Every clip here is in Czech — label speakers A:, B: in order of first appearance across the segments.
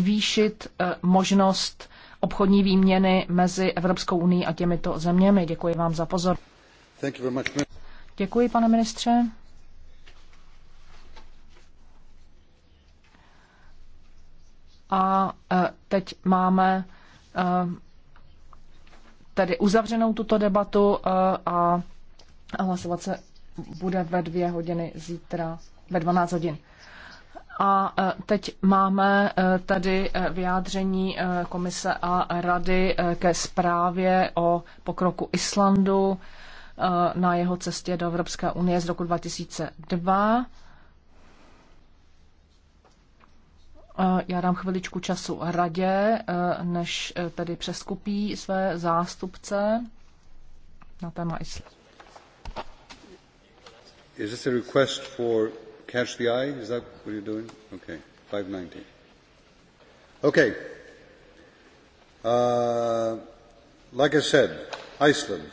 A: zvýšit eh, možnost obchodní výměny mezi Evropskou unii a těmito zeměmi. Děkuji vám za pozor. Děkuji, pane ministře. A eh, teď máme eh, tedy uzavřenou tuto debatu a hlasovat se bude ve dvě hodiny zítra, ve 12 hodin. A e, teď máme e, tady e, vyjádření komise a rady ke zprávě o pokroku Islandu na jeho cestě do Evropské unie z roku 2002. Já dám chviličku času radě, než tedy přeskupí své zástupce na téma Islandu.
B: Is this a request for Catch the eye? Is that what you're doing? Okay. Okay. Uh, like I said, Iceland.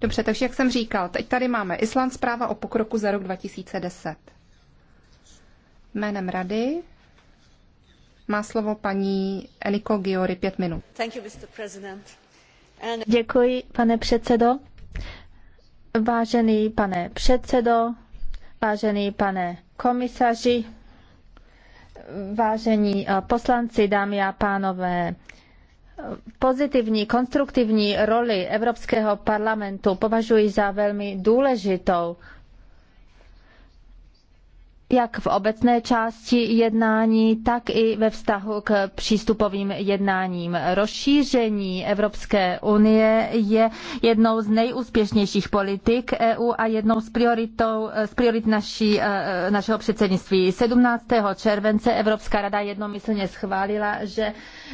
C: Dobře, takže jak jsem říkal, teď tady máme Island zpráva o pokroku za rok 2010. Jménem rady má slovo paní Eniko Giori, pět minut.
D: You,
C: Děkuji, pane předsedo. Vážený pane předsedo,
D: Vážený pane komisaři, vážení eh, poslanci, dámy a pánové, pozitivní, konstruktivní roli Evropského parlamentu považuji za velmi důležitou jak v obecné části jednání, tak i ve vztahu k přístupovým jednáním. Rozšíření Evropské unie je jednou z nejúspěšnějších politik EU a jednou z, prioritou, z priorit naší, e, našeho předsednictví. 17. července Evropská rada jednomyslně schválila, že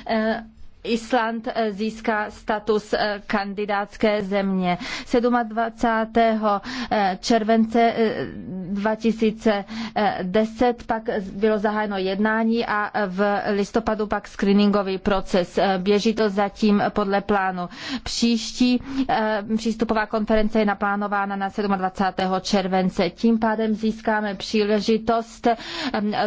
D: e, Island eh, získá status eh, kandidátské země. 27. Eh, července 2010 pak bylo zahájeno jednání a v listopadu pak screeningový proces. Běží to zatím podle plánu. Příští přístupová konference je naplánována na 27. července. Tím pádem získáme příležitost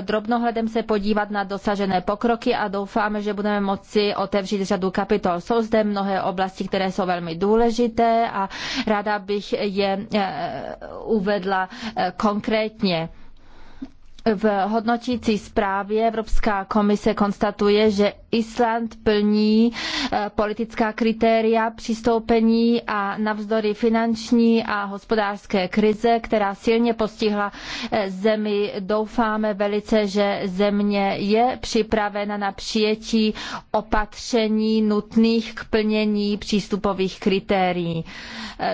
D: drobnohledem se podívat na dosažené pokroky a doufáme, že budeme moci otevřít otevřít řadu kapitol. Jsou zde mnohé oblasti, které jsou velmi důležité a ráda bych je eh, uvedla eh, konkrétně. V hodnotící zprávě Evropská komise konstatuje, že Island plní eh, politická kritéria přistoupení a navzdory finanční a hospodářské krize, která silně postihla eh, zemi, doufáme velice, že země je připravena na přijetí opatření nutných k plnění přístupových kritérií.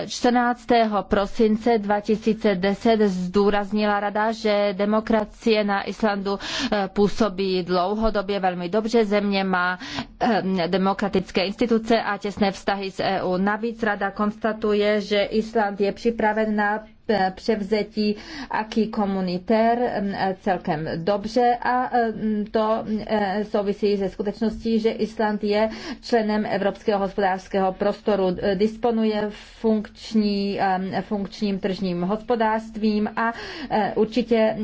D: 14. Eh, prosince 2010 zdůraznila Rada, že demokracie demokracie na Islandu eh, působí dlouhodobě velmi dobře. Země má eh, demokratické instituce a těsné vztahy s EU. Navíc rada konstatuje, že Island je připraven na Eh, převzetí aký komunitér mm, eh, celkem dobře a eh, mm, to souvisí se skutečností, že Island je členem Evropského hospodářského prostoru, disponuje funkční, funkčním tržním hospodářstvím a určitě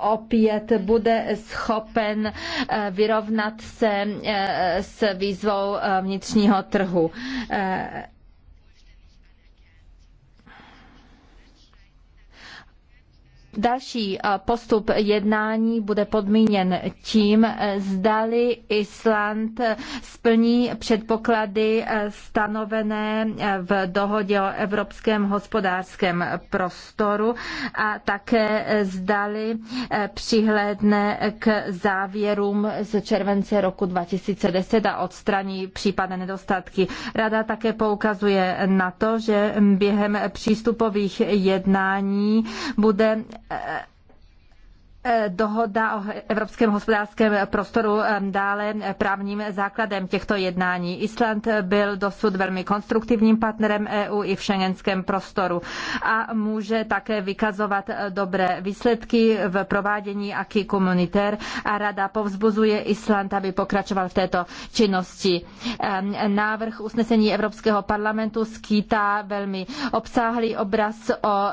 D: opět bude schopen vyrovnat se s výzvou vnitřního trhu. Další eh, postup jednání bude podmíněn tím, eh, zdali Island eh, splní předpoklady stanovené v dohodě o Evropském hospodářském prostoru a také zdali přihlédne k závěrům z července roku 2010 a odstraní případné nedostatky. Rada také poukazuje na to, že během přístupových jednání bude Uh, Eh, dohoda o Evropském hospodářském prostoru eh, dále eh, právním základem těchto jednání. Island byl dosud velmi konstruktivním partnerem EU i v šengenském prostoru a může také vykazovat dobré výsledky v provádění aký komunitér a rada povzbuzuje Island, aby pokračoval v této činnosti. Návrh usnesení Evropského parlamentu skýtá velmi obsáhlý obraz o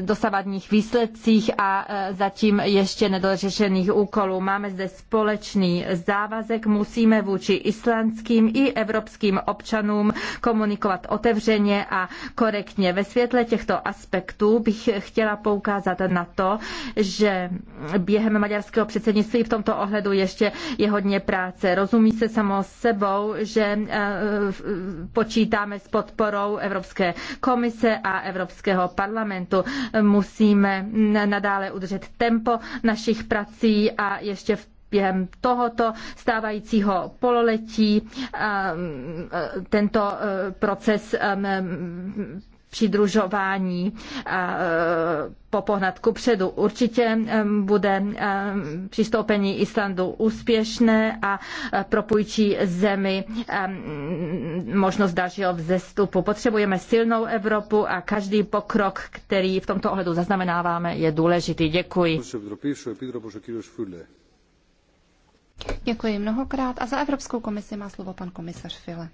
D: dosavadních výsledcích a zatím zatím ještě nedořešených úkolů. Máme zde společný závazek, musíme vůči islandským i evropským občanům komunikovat otevřeně a korektně. Ve světle těchto aspektů bych chtěla poukázat na to, že během maďarského předsednictví v tomto ohledu ještě je hodně práce. Rozumí se samo sebou, že eh, počítáme s podporou Evropské komise a Evropského parlamentu. Musíme nadále udržet tempo tempo našich prací a ještě v během tohoto stávajícího pololetí tento e, proces přidružování a eh, popohnat ku předu. Určitě eh, bude eh, přistoupení Islandu úspěšné a propůjčí zemi možnost dalšího vzestupu. Potřebujeme silnou Evropu a každý pokrok,
C: který v tomto ohledu zaznamenáváme,
D: je důležitý. Děkuji.
C: Děkuji mnohokrát a za Evropskou komisi má slovo pan komisař File.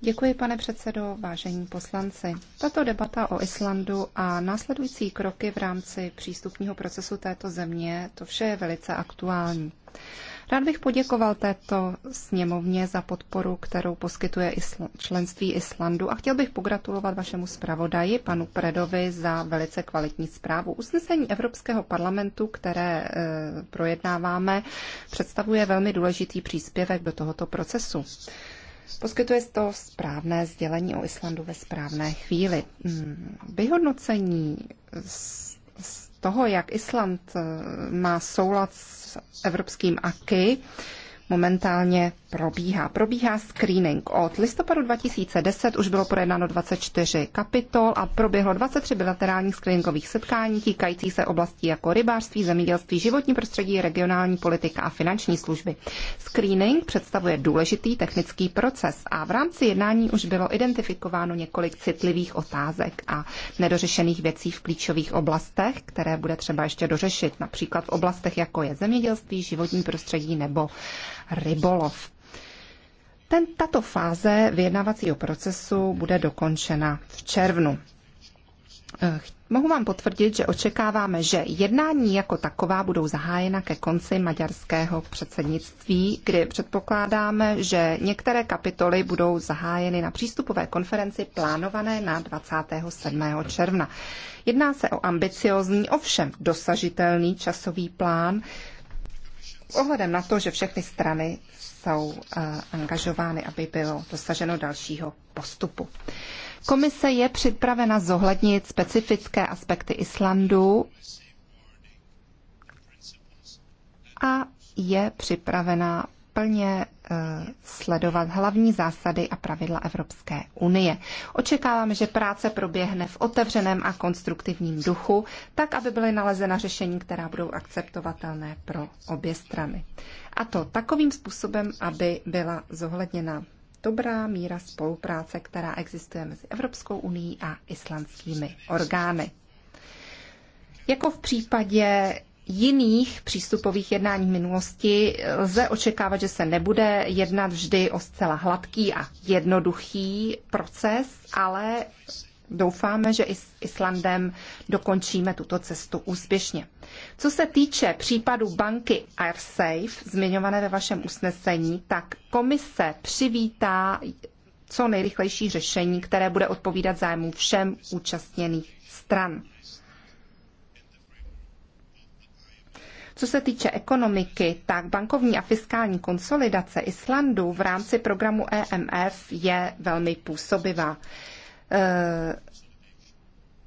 C: Děkuji, pane předsedo, vážení poslanci. Tato debata o Islandu a následující kroky v rámci přístupního procesu této země, to vše je velice aktuální. Rád bych poděkoval této sněmovně za podporu, kterou poskytuje isl- členství Islandu a chtěl bych pogratulovat vašemu zpravodaji, panu Predovi, za velice kvalitní zprávu. Usnesení Evropského parlamentu, které e, projednáváme, představuje velmi důležitý příspěvek do tohoto procesu. Poskytuje to správné sdělení o Islandu ve správné chvíli. Hmm, vyhodnocení z toho, jak Island eh, má soulad s evropským AKY, momentálně probíhá. Probíhá screening. Od listopadu 2010 už bylo projednáno 24 kapitol a proběhlo 23 bilaterálních screeningových setkání týkající se oblastí jako rybářství, zemědělství, životní prostředí, regionální politika a finanční služby. Screening představuje důležitý technický proces a v rámci jednání už bylo identifikováno několik citlivých otázek a nedořešených věcí v klíčových oblastech, které bude třeba ještě dořešit, například v oblastech jako je zemědělství, životní prostředí nebo rybolov. Ten, tato fáze vyjednavacího procesu bude dokončena v červnu. Eh, mohu vám potvrdit, že očekáváme, že jednání jako taková budou zahájena ke konci maďarského předsednictví, kdy předpokládáme, že některé kapitoly budou zahájeny na přístupové konferenci plánované na 27. června. Jedná se o ambiciozní, ovšem dosažitelný časový plán, s ohledem na to, že všechny strany jsou eh, angažovány, aby bylo dosaženo dalšího postupu. Komise je připravena zohlednit specifické aspekty Islandu a je připravena plně Eh, sledovat hlavní zásady a pravidla Evropské unie. Očekáváme, že práce proběhne v otevřeném a konstruktivním duchu, tak, aby byly nalezena řešení, která budou akceptovatelné pro obě strany. A to takovým způsobem, aby byla zohledněna dobrá míra spolupráce, která existuje mezi Evropskou unii a islandskými orgány. Jako v případě jiných přístupových jednání v minulosti lze očekávat, že se nebude jednat vždy o zcela hladký a jednoduchý proces, ale doufáme, že i s Islandem dokončíme tuto cestu úspěšně. Co se týče případu banky AirSafe, zmiňované ve vašem usnesení, tak komise přivítá co nejrychlejší řešení, které bude odpovídat zájmu všem účastněných stran. Co se týče ekonomiky, tak bankovní a fiskální konsolidace Islandu v rámci programu EMF je velmi působivá. E,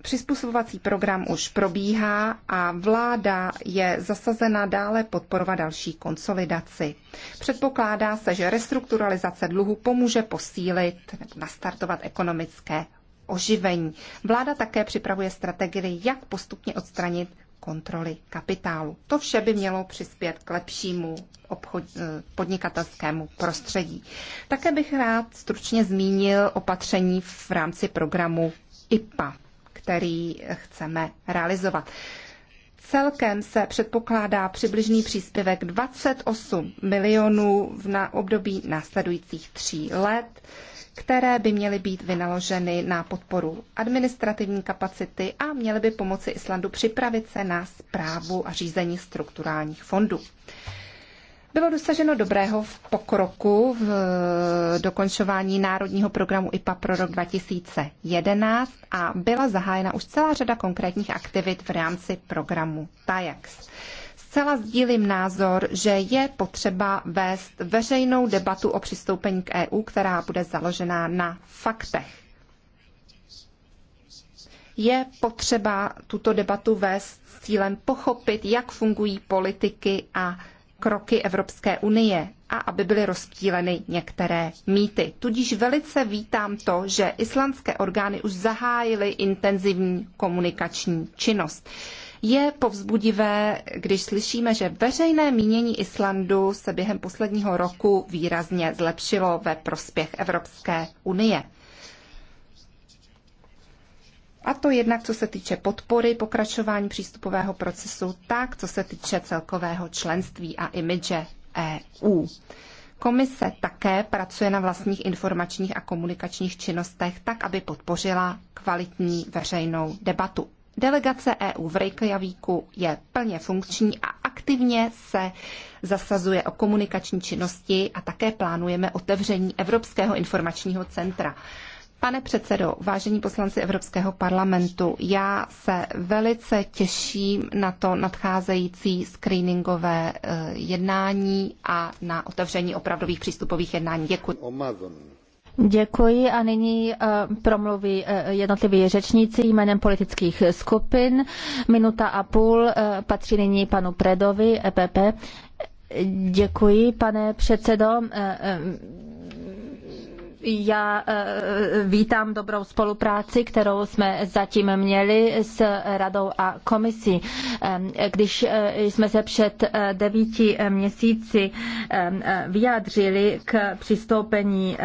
C: přizpůsobovací program už probíhá a vláda je zasazena dále podporovat další konsolidaci. Předpokládá se, že restrukturalizace dluhu pomůže posílit nebo nastartovat ekonomické oživení. Vláda také připravuje strategii, jak postupně odstranit kontroly kapitálu. To vše by mělo přispět k lepšímu obchod, eh, podnikatelskému prostředí. Také bych rád stručně zmínil opatření v rámci programu IPA, který chceme realizovat. Celkem se předpokládá přibližný příspěvek 28 milionů na období následujících tří let, které by měly být vynaloženy na podporu administrativní kapacity a měly by pomoci Islandu připravit se na zprávu a řízení strukturálních fondů. Bylo dosaženo dobrého v pokroku v eh, dokončování národního programu IPA pro rok 2011 a byla zahájena už celá řada konkrétních aktivit v rámci programu TAJAX. Zcela sdílím názor, že je potřeba vést veřejnou debatu o přistoupení k EU, která bude založená na faktech. Je potřeba tuto debatu vést s cílem pochopit, jak fungují politiky a kroky Evropské unie a aby byly rozptýleny některé mýty. Tudíž velice vítám to, že islandské orgány už zahájily intenzivní komunikační činnost. Je povzbudivé, když slyšíme, že veřejné mínění Islandu se během posledního roku výrazně zlepšilo ve prospěch Evropské unie. A to jednak co se týče podpory pokračování přístupového procesu, tak co se týče celkového členství a imidže EU. Komise také pracuje na vlastních informačních a komunikačních činnostech tak, aby podpořila kvalitní veřejnou debatu. Delegace EU v Reykjavíku je plně funkční a aktivně se zasazuje o komunikační činnosti a také plánujeme otevření Evropského informačního centra. Pane předsedo, vážení poslanci Evropského parlamentu, já se velice těším na to nadcházející screeningové eh, jednání a na otevření opravdových přístupových jednání. Děkuji.
D: Děkuji a nyní eh, promluví eh, jednotliví řečníci jménem politických skupin. Minuta a půl patří nyní panu Predovi, EPP. Děkuji, pane předsedo já eh, vítám dobrou spolupráci, kterou jsme zatím měli s radou a komisí. Eh, když eh, jsme se před devíti měsíci vyjádřili k přistoupení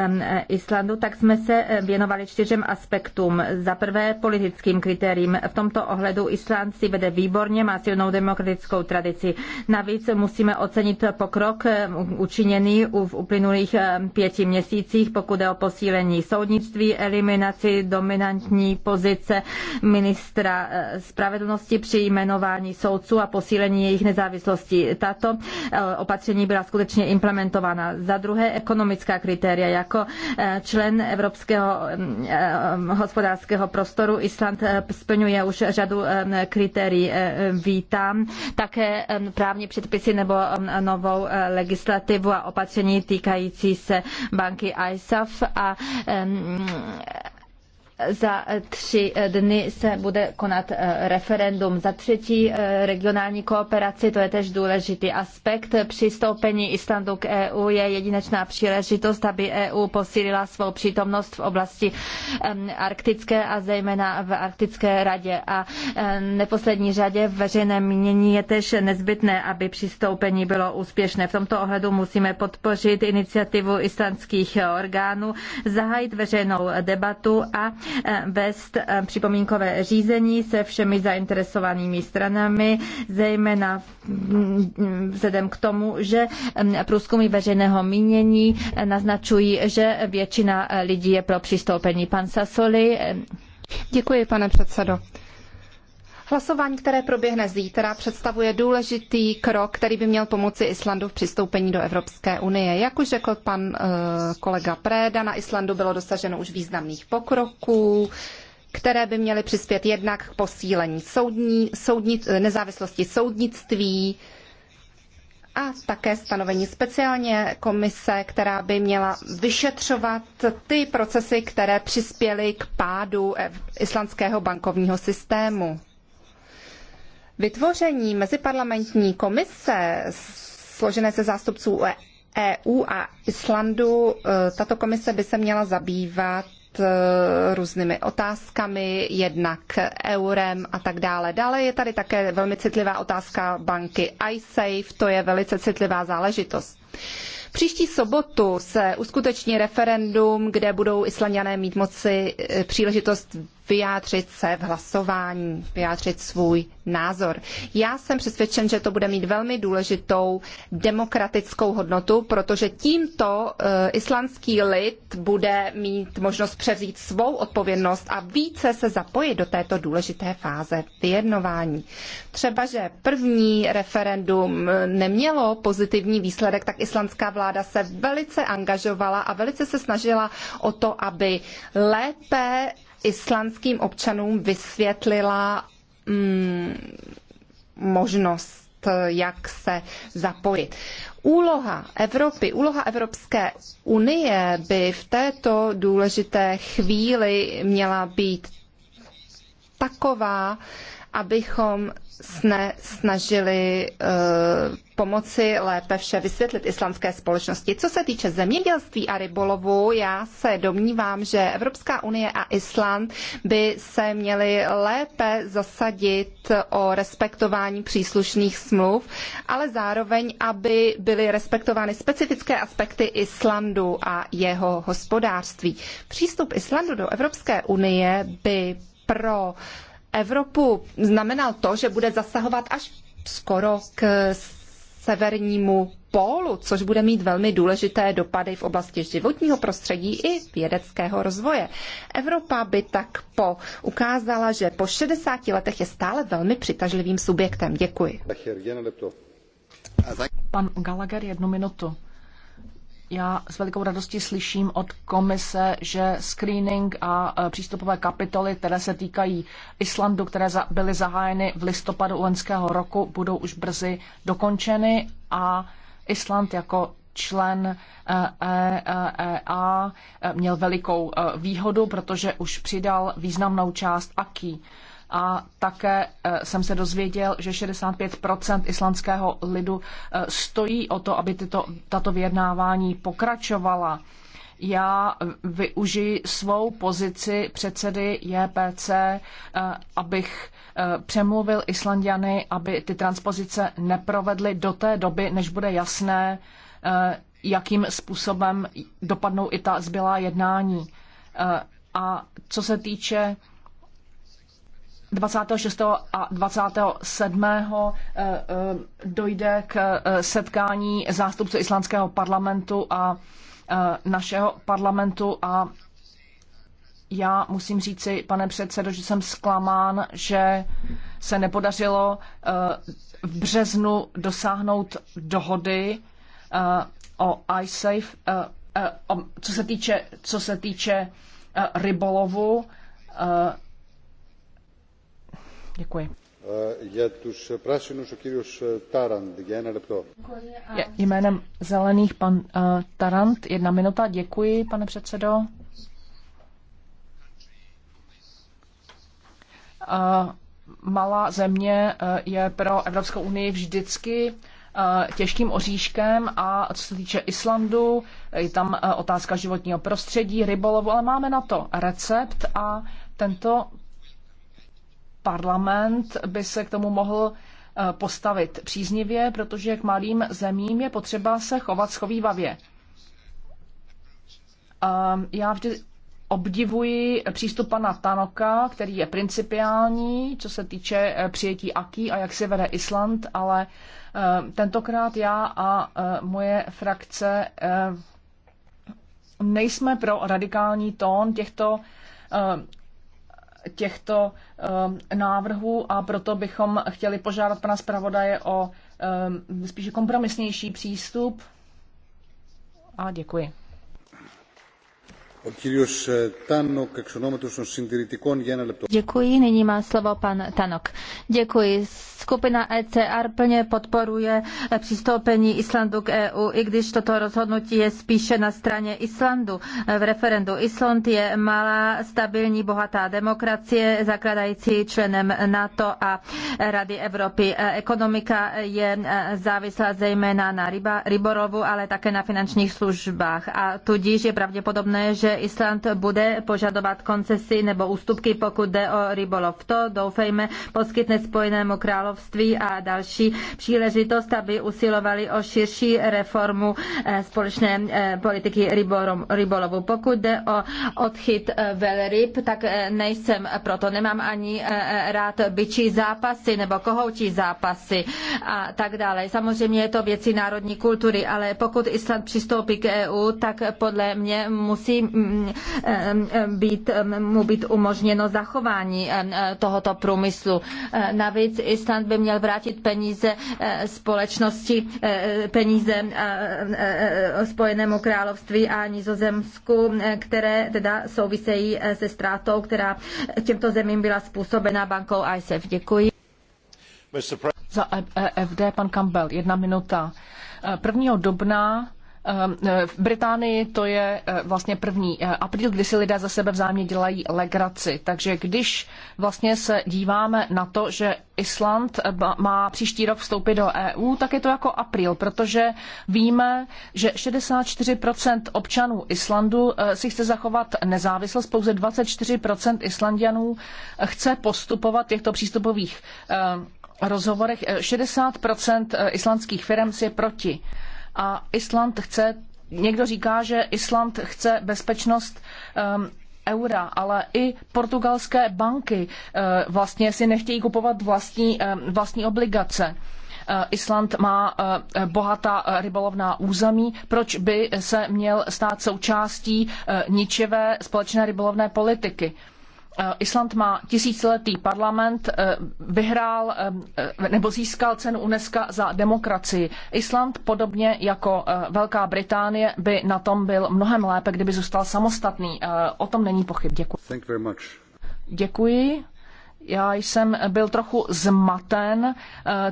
D: Islandu, tak jsme se věnovali čtyřem aspektům. Za prvé politickým kritériím. V tomto ohledu Island si vede výborně, má silnou demokratickou tradici. Navíc musíme ocenit pokrok učiněný v uplynulých pěti měsících, pokud jde o posílení soudnictví, eliminaci dominantní pozice ministra eh, spravedlnosti při jmenování soudců a posílení jejich nezávislosti. Tato eh, opatření byla skutečně implementována. Za druhé ekonomická kritéria. Jako eh, člen Evropského mm, hospodářského prostoru Island splňuje už řadu kritérií. Vítám také právní předpisy nebo novou legislativu a opatření týkající se banky ISAF práv a za tři dny se bude konat eh, referendum. Za třetí eh, regionální kooperaci, to je tež důležitý aspekt. Přistoupení Islandu k EU je jedinečná příležitost, aby EU posílila svou přítomnost v oblasti arktické a zejména v arktické radě. A neposlední řadě v veřejném mínění je tež nezbytné, aby přistoupení bylo úspěšné. V tomto ohledu musíme podpořit iniciativu islandských orgánů, zahájit veřejnou debatu a Eh, vést eh, připomínkové řízení se všemi zainteresovanými stranami, zejména mm, vzhledem k tomu, že mm, průzkumy veřejného mínění eh, naznačují, že většina lidí je pro přistoupení. Pan
C: Sasoli. Děkuji, pane předsedo. Hlasování, které proběhne zítra, představuje důležitý krok, který by měl pomoci Islandu v přistoupení do Evropské unie. Jak už řekl pan eh, kolega Preda, na Islandu bylo dosaženo už významných pokroků které by měly přispět jednak k posílení soudní, eh, nezávislosti soudnictví, a také stanovení speciálně komise, která by měla vyšetřovat ty procesy, které přispěly k pádu eh, islandského bankovního systému. Vytvoření meziparlamentní komise složené se zástupců EU e a Islandu, e, tato komise by se měla zabývat e, různými otázkami, jednak eurem a tak dále. Dále je tady také velmi citlivá otázka banky iSafe, to je velice citlivá záležitost. Příští sobotu se uskuteční referendum, kde budou Islandiané mít moci příležitost vyjádřit se v hlasování, vyjádřit svůj názor. Já jsem přesvědčen, že to bude mít velmi důležitou demokratickou hodnotu, protože tímto eh, islandský lid bude mít možnost převzít svou odpovědnost a více se zapojit do této důležité fáze vyjednování. Třeba, že první referendum eh, nemělo pozitivní výsledek, tak islandská vláda se velice angažovala a velice se snažila o to, aby lépe islandským občanům vysvětlila mm, možnost jak se zapojit. Úloha Evropy, úloha Evropské unie by v této důležité chvíli měla být taková, abychom sne snažili uh, pomoci lépe vše vysvětlit islámské společnosti. Co se týče zemědělství a rybolovu, já se domnívám, že Evropská unie a Island by se měly lépe zasadit o respektování příslušných smluv, ale zároveň, aby byly respektovány specifické aspekty Islandu a jeho hospodářství. Přístup Islandu do Evropské unie by pro uh, Evropu znamenal to, že bude zasahovat až skoro k severnímu pólu, což bude mít velmi důležité dopady v oblasti životního prostředí i vědeckého rozvoje. Evropa by tak po ukázala, že po 60 letech je stále velmi přitažlivým subjektem. Děkuji. Pan Gallagher, jednu minutu.
A: Já s velikou radostí slyším od komise, že screening a e, přístupové kapitoly, které se týkají Islandu, které byly zahájeny v listopadu loňského roku, budou už brzy dokončeny a Island jako člen EEA e, e, měl velikou výhodu, protože už přidal významnou část AKI a také eh, jsem se dozvěděl, že 65 islandského lidu eh, stojí o to, aby tyto, tato vyjednávání pokračovala. Já využiji svou pozici předsedy JPC, eh, abych přemluvil Islandiany, aby ty transpozice neprovedly do té doby, než bude jasné, jakým způsobem dopadnou i ta zbylá jednání. A co se týče 26. a 27. Eh, eh, dojde k eh, setkání zástupců islandského parlamentu a našeho parlamentu a já musím říci, pane předsedo, že jsem zklamán, že se nepodařilo v březnu dosáhnout dohody o iSafe, co se týče, co se týče rybolovu Děkuji.
B: Eh, eh,
A: je, jménem zelených pan uh, Tarant, jedna minuta. Děkuji, pane předsedo. Uh, malá země je pro Evropskou unii vždycky těžkým oříškem a co se týče Islandu, je tam otázka životního prostředí, rybolovu, ale máme na to recept a tento parlament by se k tomu mohl eh, postavit příznivě, protože k malým zemím je potřeba se chovat schovývavě. Ehm, já vždy obdivuji přístup pana Tanoka, který je principiální, co se týče eh, přijetí AKI a jak se vede Island, ale ehm, tentokrát já a eh, moje frakce ehm, nejsme pro radikální tón těchto těchto ehm, návrhů a proto bychom chtěli požádat pana zpravodaje o ehm, spíše kompromisnější přístup. A děkuji.
D: Děkuji, nyní má slovo pan Tanok. Děkuji. Skupina ECR plně podporuje eh, přistoupení Islandu k EU, i když toto rozhodnutí je spíše na straně Islandu eh, v referendu. Island je malá, stabilní, bohatá demokracie, zakladající členem NATO a Rady Evropy. Eh, ekonomika je závislá zejména na ryborovu, ale také na finančních službách a tudíž je pravděpodobné, že že Island bude požadovat koncesy nebo ústupky, pokud jde o rybolov. To doufejme poskytne Spojenému království a další příležitost, aby usilovali o širší reformu eh, společné eh, politiky rybolovu. Pokud jde o odchyt eh, velryb, tak nejsem proto. Nemám ani rád byčí zápasy nebo kohoučí zápasy a tak dále. Samozřejmě je to věci národní kultury, ale pokud Island přistoupí k EU, tak podle mě musí být, mu být umožněno zachování eh, tohoto průmyslu. Eh, navíc Island by měl vrátit peníze eh, společnosti, peníze Spojenému království a Nizozemsku, které teda souvisejí se ztrátou, která těmto zemím byla způsobena bankou ISF. Děkuji.
A: Za e- e FD pan Campbell, jedna minuta. 1. dubna Ehm, eh, v Británii to je eh, vlastně první eh, apríl, kdy si lidé za sebe vzájemně dělají legraci. Takže když vlastně se díváme na to, že Island má příští rok vstoupit do EU, tak je to jako apríl, protože víme, že 64% občanů Islandu si chce zachovat nezávislost, pouze 24% Islandianů chce postupovat v těchto přístupových ehm, rozhovorech. 60% islandských firm si je proti a Island chce, někdo říká, že Island chce bezpečnost um, eura, ale i portugalské banky uh, vlastně si nechtějí kupovat vlastní, um, vlastní obligace. Eh, Island má eh, bohatá rybolovná území, proč by se měl stát součástí ničivé společné rybolovné politiky? Eh, Island má tisíciletý parlament, eh, vyhrál eh, nebo získal cenu UNESCO za demokracii. Island, podobně jako Velká Británie, by na tom byl mnohem lépe, kdyby zůstal samostatný. O tom není pochyb. Děkuji. Thank you very much. Děkuji. Já jsem byl trochu zmaten,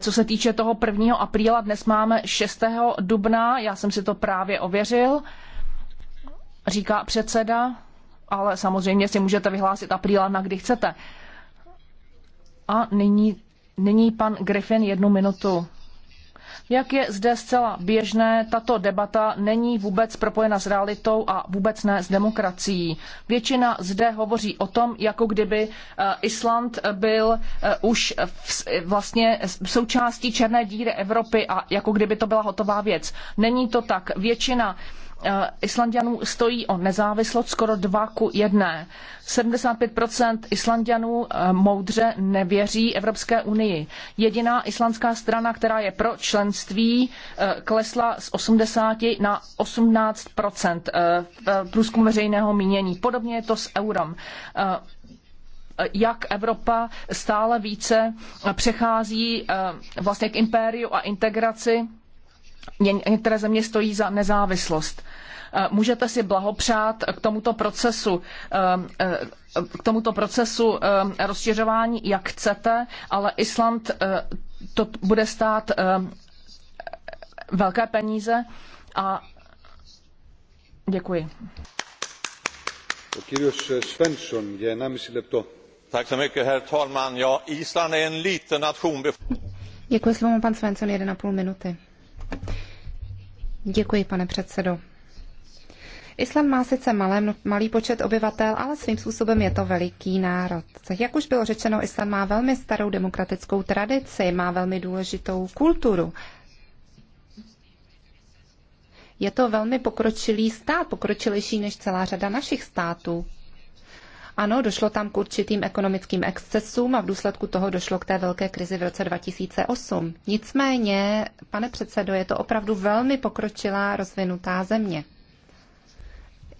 A: co se týče toho 1. apríla. Dnes máme 6. dubna, já jsem si to právě ověřil, říká předseda ale samozřejmě si můžete vyhlásit apríla na kdy chcete. A nyní, nyní pan Griffin jednu minutu. Jak je zde zcela běžné, tato debata není vůbec propojena s realitou a vůbec ne s demokracií. Většina zde hovoří o tom, jako kdyby eh, Island byl eh, už eh, vlastně součástí černé díry Evropy a jako kdyby to byla hotová věc. Není to tak. Většina Eh, Islandianů stojí o nezávislost skoro 2 ku 1. 75% Islandianů eh, moudře nevěří Evropské unii. Jediná islandská strana, která je pro členství, eh, klesla z 80 na 18% v průzkumu veřejného mínění. Podobně je to s eurem jak Evropa stále více přechází vlastně k impériu a integraci Některé země stojí za nezávislost. Eh, můžete si blahopřát k tomuto procesu, eh, eh, k tomuto procesu rozšiřování, jak chcete, ale Island to bude stát velké peníze a děkuji.
B: Děkuji
C: slovo, pan Svensson, 1,5 minuty. Děkuji, pane předsedo. Island má sice malé, malý počet obyvatel, ale svým způsobem je to veliký národ. Jak už bylo řečeno, Island má velmi starou demokratickou tradici, má velmi důležitou kulturu. Je to velmi pokročilý stát, pokročilejší než celá řada našich států. Ano, došlo tam k určitým ekonomickým excesům a v důsledku toho došlo k té velké krizi v roce 2008. Nicméně, pane předsedo, je to opravdu velmi pokročilá rozvinutá země.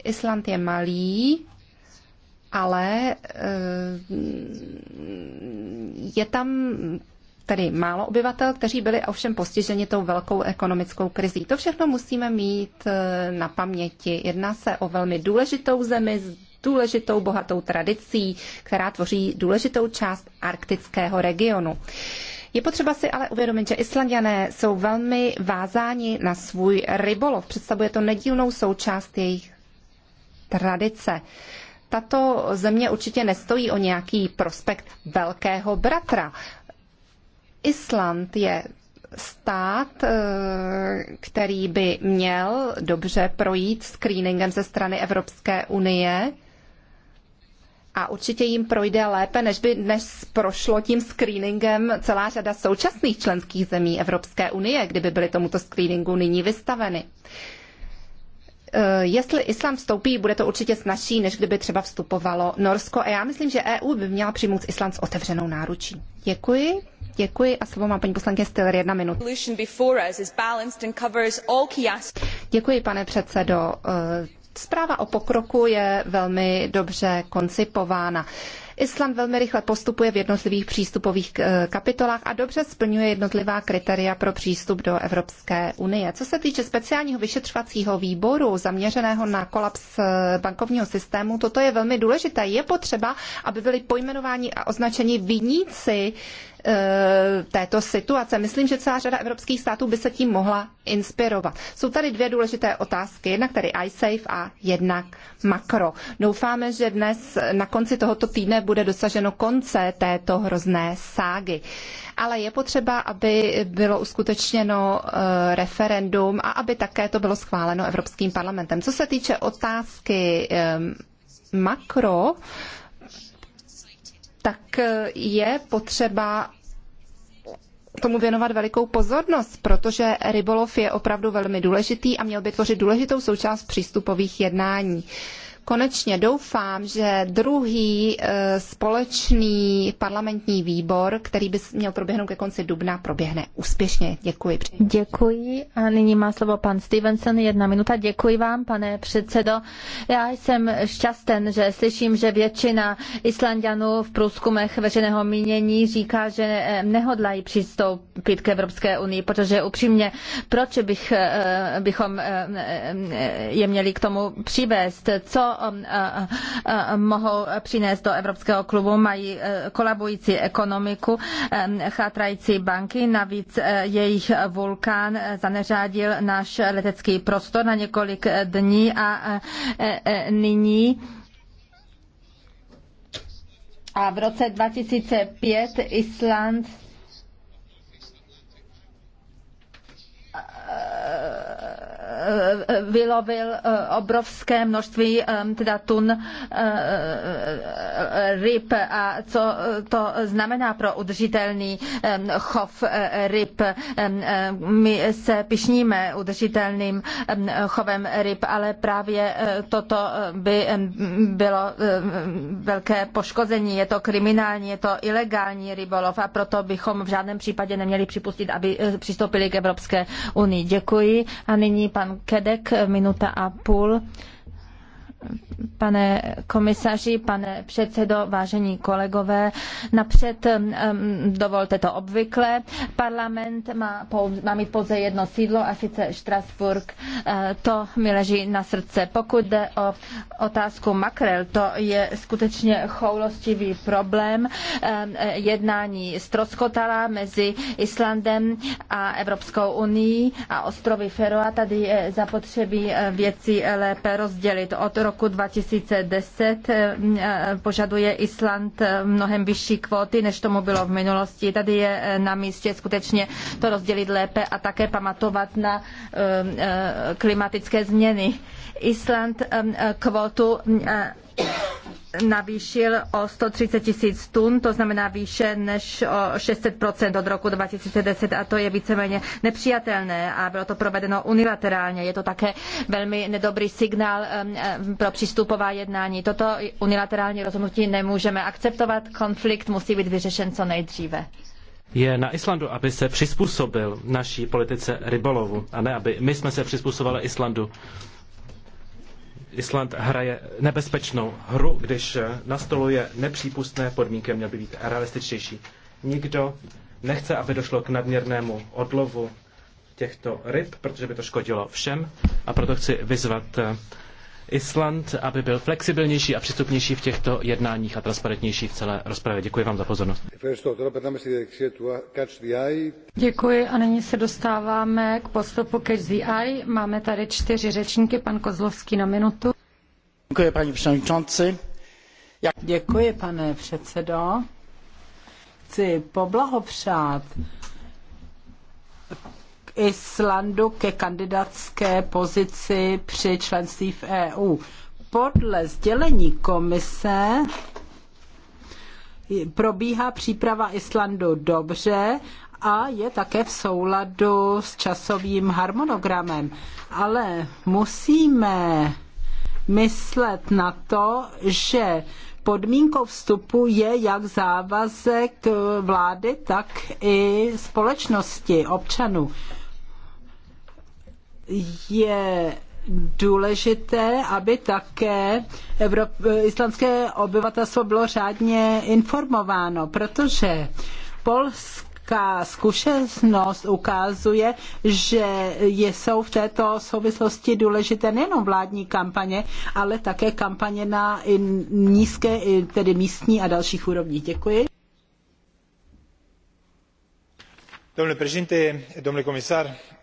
C: Island je malý, ale eh, je tam tedy málo obyvatel, kteří byli ovšem postiženi tou velkou ekonomickou krizí. To všechno musíme mít eh, na paměti. Jedná se o velmi důležitou zemi s důležitou bohatou tradicí, která tvoří důležitou část arktického regionu. Je potřeba si ale uvědomit, že Islandiané jsou velmi vázáni na svůj rybolov. Představuje to nedílnou součást jejich tradice. Tato země určitě nestojí o nějaký prospekt velkého bratra. Island je stát, eh, který by měl dobře projít screeningem ze strany Evropské unie a určitě jim projde lépe, než by dnes prošlo tím screeningem celá řada současných členských zemí Evropské unie, kdyby byly tomuto screeningu nyní vystaveny. E, jestli islám vstoupí, bude to určitě snažší, než kdyby třeba vstupovalo Norsko. A já myslím, že EU by měla přijmout islám s otevřenou náručí. Děkuji. Děkuji a slovo má paní poslankyně Stiller jedna minuta. Děkuji, pane předsedo. E, Zpráva o pokroku je velmi dobře koncipována. Island velmi rychle postupuje v jednotlivých přístupových eh, kapitolách a dobře splňuje jednotlivá kritéria pro přístup do Evropské unie. Co se týče speciálního vyšetřovacího výboru zaměřeného na kolaps eh, bankovního systému, toto je velmi důležité. Je potřeba, aby byli pojmenováni a označeni viníci E, této situace. Myslím, že celá řada evropských států by se tím mohla inspirovat. Jsou tady dvě důležité otázky, jednak tady iSafe a jednak makro. Doufáme, že dnes na konci tohoto týdne bude dosaženo konce této hrozné ságy. Ale je potřeba, aby bylo uskutečněno e, referendum a aby také to bylo schváleno Evropským parlamentem. Co se týče otázky e, makro, tak eh, je potřeba tomu věnovat velikou pozornost, protože rybolov je opravdu velmi důležitý a měl by tvořit důležitou součást přístupových jednání. Konečně doufám, že druhý eh, společný parlamentní výbor, který by měl proběhnout ke konci dubna, proběhne úspěšně. Děkuji. Děkuji
D: a nyní má slovo pan Stevenson, jedna minuta. Děkuji vám, pane předsedo. Já jsem šťasten, že slyším, že většina Islandianů v průzkumech veřejného mínění říká, že eh, nehodlají přistoupit k Evropské unii, protože upřímně, proč bych, eh, bychom je měli k tomu přivést? Co Um, uh, uh, uh, mohou přinést do Evropského klubu. Mají kolabující ekonomiku, um, chátrající banky, navíc jejich vulkán zaneřádil náš letecký prostor na několik dní a nyní a v roce 2005 Island Eh, vylovil eh, obrovské množství eh, teda tun ryb a co to znamená pro udržitelný chov ryb. My se pišníme udržitelným chovem ryb, ale právě toto by bylo velké poškození. Je to kriminální, je to ilegální rybolov a proto bychom v žádném případě neměli připustit, aby přistoupili k Evropské unii. Děkuji. A nyní pan Kedek, minuta a půl. Pane komisaři, pane předsedo, vážení kolegové, napřed um, dovolte to obvykle. Parlament má, má mít pouze jedno sídlo a sice Štrasburg. Uh, to mi leží na srdce. Pokud jde o otázku makrel, to je skutečně choulostivý problém um, jednání stroskotala mezi Islandem a Evropskou unii a ostrovy Feroa. Tady je zapotřebí uh, věci lépe rozdělit od roku 2010 eh, eh, požaduje Island eh, mnohem vyšší kvóty, než tomu bylo v minulosti. Tady je na místě skutečně to rozdělit lépe a také pamatovat na klimatické změny. Island kvótu navýšil o 130 tisíc tun, to znamená výše než o 600% od roku 2010 a to je víceméně nepřijatelné a bylo to provedeno unilaterálně. Je to také velmi nedobrý signál pro přístupová jednání. Toto unilaterální rozhodnutí nemůžeme akceptovat. Konflikt musí být vyřešen co nejdříve
E: je na Islandu, aby se přizpůsobil naší politice rybolovu, a ne aby my jsme se přizpůsobili Islandu. Island hraje nebezpečnou hru, když eh, nastoluje nepřípustné podmínky, měl by být realističtější. Nikdo nechce, aby došlo k nadměrnému odlovu těchto ryb, protože by to škodilo všem a proto chci vyzvat eh, Island, aby byl flexibilnější a přístupnější v těchto jednáních a transparentnější v celé rozpravě. Děkuji vám za pozornost.
F: Děkuji a nyní se dostáváme k postupu Catch the Eye. Máme tady čtyři řečníky,
B: pan Kozlovský na minutu.
E: Děkuji, paní předsedající. Já... Děkuji,
B: pane předsedo. Chci poblahopřát Islandu ke kandidátské pozici při členství v EU. Podle sdělení komise probíhá příprava Islandu dobře a je také v souladu s časovým harmonogramem. Ale musíme myslet na to, že podmínkou vstupu je jak závazek vlády, tak i společnosti, občanů je důležité, aby také Evrop- islandské obyvatelstvo bylo řádně informováno, protože polská zkušenost ukazuje, že jsou v této souvislosti důležité nejenom vládní kampaně, ale také kampaně na nízké, tedy místní a dalších úrovních. Děkuji.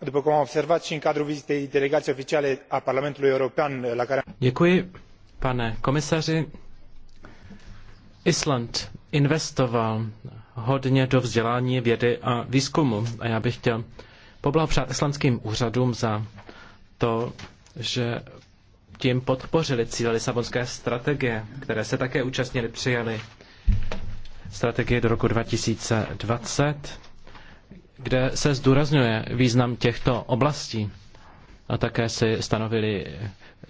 D: după cum am observat i în cadrul vizitei delegaiei oficiale a parlamentului
B: european la care
E: pane komisaři. Island investoval hodně do vzdělání vědy a výzkumu a já bych chtěl poblahopřát islandským úřadům za to, že tím podpořili cíle Lisabonské strategie, které se také účastnili přijali strategie do roku 2020 kde se zdůrazňuje význam těchto oblastí a také si stanovili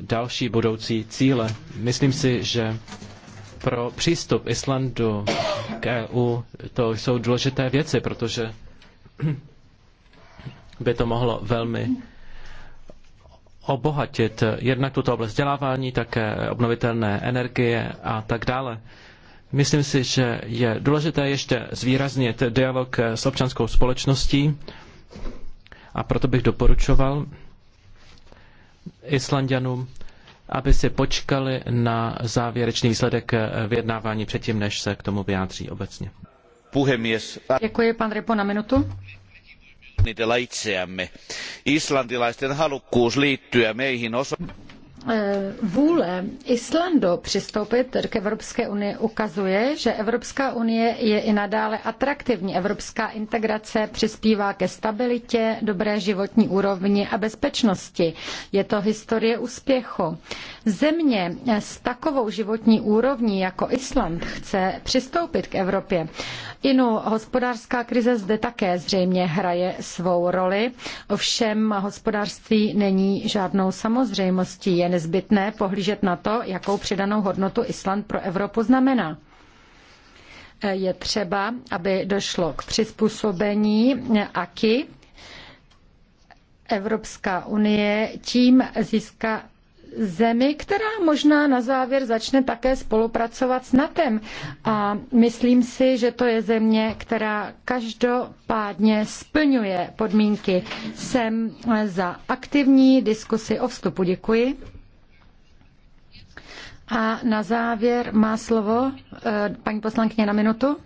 E: další budoucí cíle. Myslím si, že pro přístup Islandu k EU to jsou důležité věci, protože by to mohlo velmi obohatit jednak tuto oblast vzdělávání, také obnovitelné energie a tak dále. Myslím si, že je důležité ještě zvýraznit dialog s občanskou společností a proto bych doporučoval Islandianům, aby si počkali na závěrečný výsledek vyjednávání předtím, než se k tomu vyjádří obecně.
F: Děkuji, pan Repo, na minutu.
E: Islandilaisten halukkuus liittyä meihin osa...
F: Eh, vůle Islandu přistoupit k Evropské unii ukazuje, že Evropská unie je i nadále atraktivní. Evropská integrace přispívá ke stabilitě, dobré životní úrovni a bezpečnosti. Je to historie úspěchu. Země s takovou životní úrovní jako Island chce přistoupit k Evropě. Inu, hospodářská krize zde také zřejmě hraje svou roli, ovšem hospodářství není žádnou samozřejmostí, jen nezbytné pohlížet na to, jakou přidanou hodnotu Island pro Evropu znamená je třeba, aby došlo k přizpůsobení AKI. Evropská unie tím získá zemi, která možná na závěr začne také spolupracovat s NATEM. A myslím si, že to je země, která každopádně splňuje podmínky. Jsem za aktivní diskusi o vstupu. Děkuji. A na závěr má slovo eh, paní poslankyně na minutu.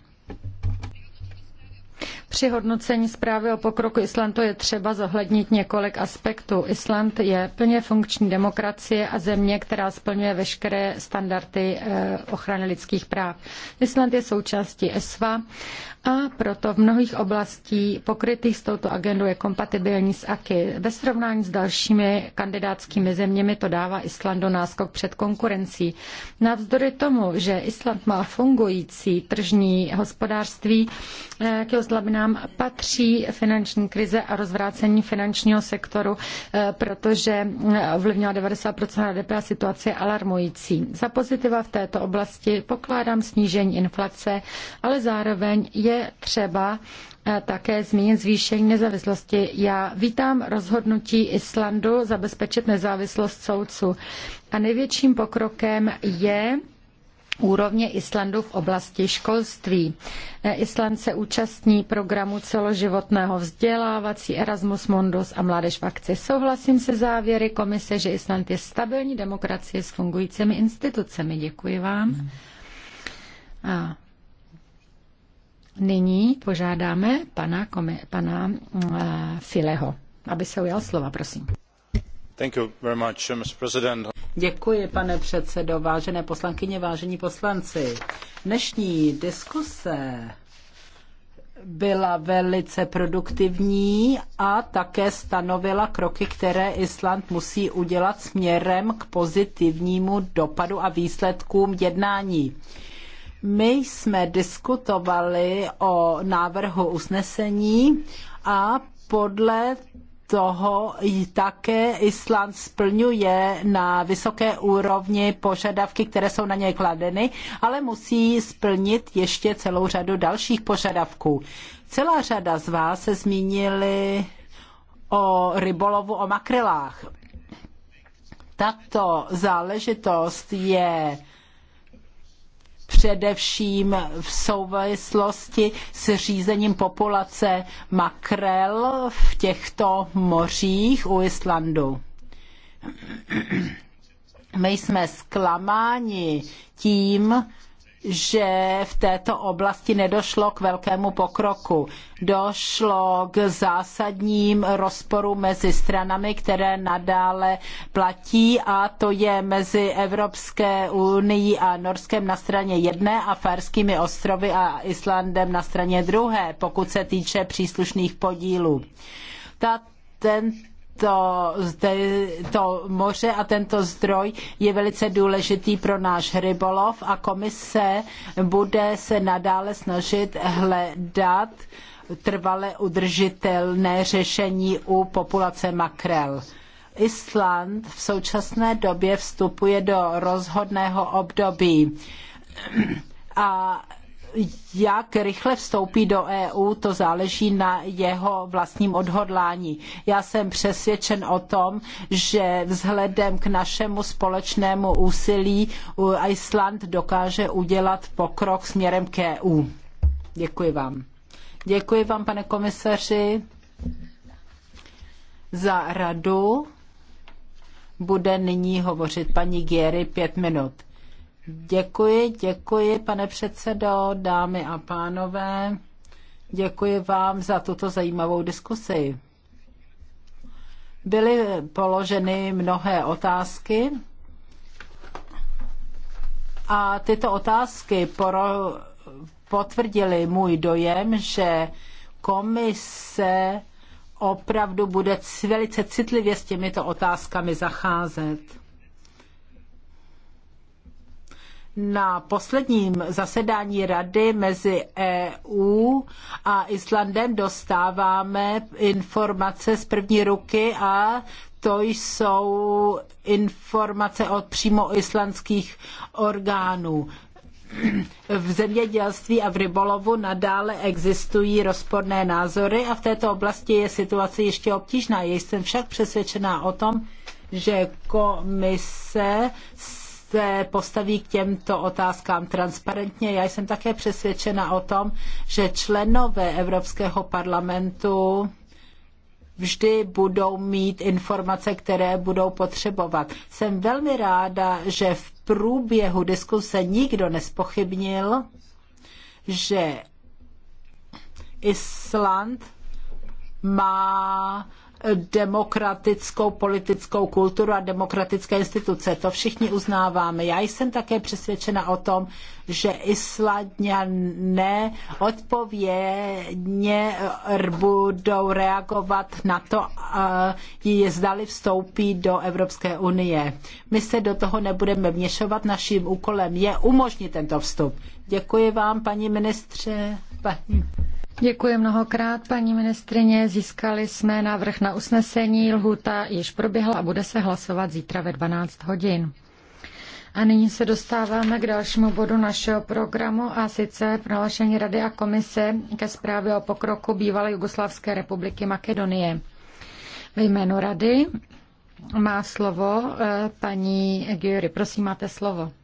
F: Při hodnocení zprávy o pokroku Islandu je třeba zohlednit několik aspektů. Island je plně funkční demokracie a země, která splňuje veškeré standardy eh, ochrany lidských práv. Island je součástí ESVA a proto v mnohých oblastí pokrytých s touto agendou je kompatibilní s AKI. Ve srovnání s dalšími kandidátskými zeměmi to dává Islandu náskok před konkurencí. Navzdory tomu, že Island má fungující tržní hospodářství, eh, k jeho slabinám nám patří finanční krize a rozvrácení finančního sektoru, eh, protože eh, ovlivnila 90 HDP a situace je alarmující. Za pozitiva v této oblasti pokládám snížení inflace, ale zároveň je třeba eh, také zmínit zvýšení nezávislosti. Já vítám rozhodnutí Islandu zabezpečit nezávislost soudců. A největším pokrokem je úrovně Islandu v oblasti školství. Island se účastní programu celoživotného vzdělávací Erasmus Mundus a Mládež v akci. Souhlasím se závěry komise, že Island je stabilní demokracie s fungujícími institucemi. Děkuji vám. A nyní požádáme pana, komi, pana
B: uh, Fileho, aby se ujal slova, prosím. Thank you very much, Mr. President. Děkuji, pane předsedo, vážené poslankyně, vážení poslanci. Dnešní diskuse byla velice produktivní a také stanovila kroky, které Island musí udělat směrem k pozitivnímu dopadu a výsledkům jednání. My jsme diskutovali o návrhu usnesení a podle toho také Island splňuje na vysoké úrovni požadavky, které jsou na něj kladeny, ale musí splnit ještě celou řadu dalších požadavků. Celá řada z vás se zmínili o rybolovu, o makrelách. Tato záležitost je především v souvislosti s řízením populace makrel v těchto mořích u Islandu. My jsme zklamáni tím, že v této oblasti nedošlo k velkému pokroku. Došlo k zásadním rozporu mezi stranami, které nadále platí a to je mezi Evropské unii a Norskem na straně jedné a Farskými ostrovy a Islandem na straně druhé, pokud se týče příslušných podílů. Ta, ten, to, to moře a tento zdroj je velice důležitý pro náš rybolov a komise bude se nadále snažit hledat trvale udržitelné řešení u populace makrel. Island v současné době vstupuje do rozhodného období a jak rychle vstoupí do EU, to záleží na jeho vlastním odhodlání. Já jsem přesvědčen o tom, že vzhledem k našemu společnému úsilí Island dokáže udělat pokrok směrem k EU. Děkuji vám. Děkuji vám, pane komisaři, za radu. Bude nyní hovořit paní Gery pět minut. Děkuji, děkuji, pane předsedo, dámy a pánové. Děkuji vám za tuto zajímavou diskusi. Byly položeny mnohé otázky a tyto otázky potvrdily můj dojem, že komise opravdu bude velice citlivě s těmito otázkami zacházet. na posledním zasedání rady mezi EU a Islandem dostáváme informace z první ruky a to jsou informace od přímo islandských orgánů. V zemědělství a v rybolovu nadále existují rozporné názory a v této oblasti je situace ještě obtížná. Jsem však přesvědčená o tom, že komise se postaví k těmto otázkám transparentně. Já jsem také přesvědčena o tom, že členové Evropského parlamentu vždy budou mít informace, které budou potřebovat. Jsem velmi ráda, že v průběhu diskuse nikdo nespochybnil, že Island má demokratickou politickou kulturu a demokratické instituce. To všichni uznáváme. Já jsem také přesvědčena o tom, že Islandiané odpovědně eh, budou reagovat na to, je eh, zdali vstoupí do Evropské unie. My se do toho nebudeme měšovat. naším úkolem je umožnit tento vstup. Děkuji vám, paní ministře. Paní. Děkuji mnohokrát, paní ministrině.
F: Získali jsme návrh na usnesení. Lhuta již proběhla a bude se hlasovat zítra ve 12 hodin. A nyní se dostáváme k dalšímu bodu našeho programu a sice prohlášení Rady a komise ke zprávě o pokroku bývalé Jugoslavské republiky Makedonie. Ve jménu Rady má slovo eh, paní Gyuri. Prosím, máte slovo.